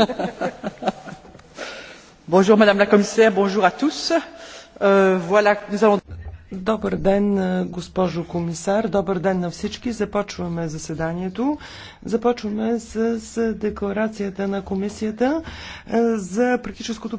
Bonjour Madame la Commissaire, bonjour à tous. Euh, voilà, nous allons... Добър ден, госпожо комисар. Добър ден на всички. Започваме заседанието. Започваме с декларацията на комисията за практическото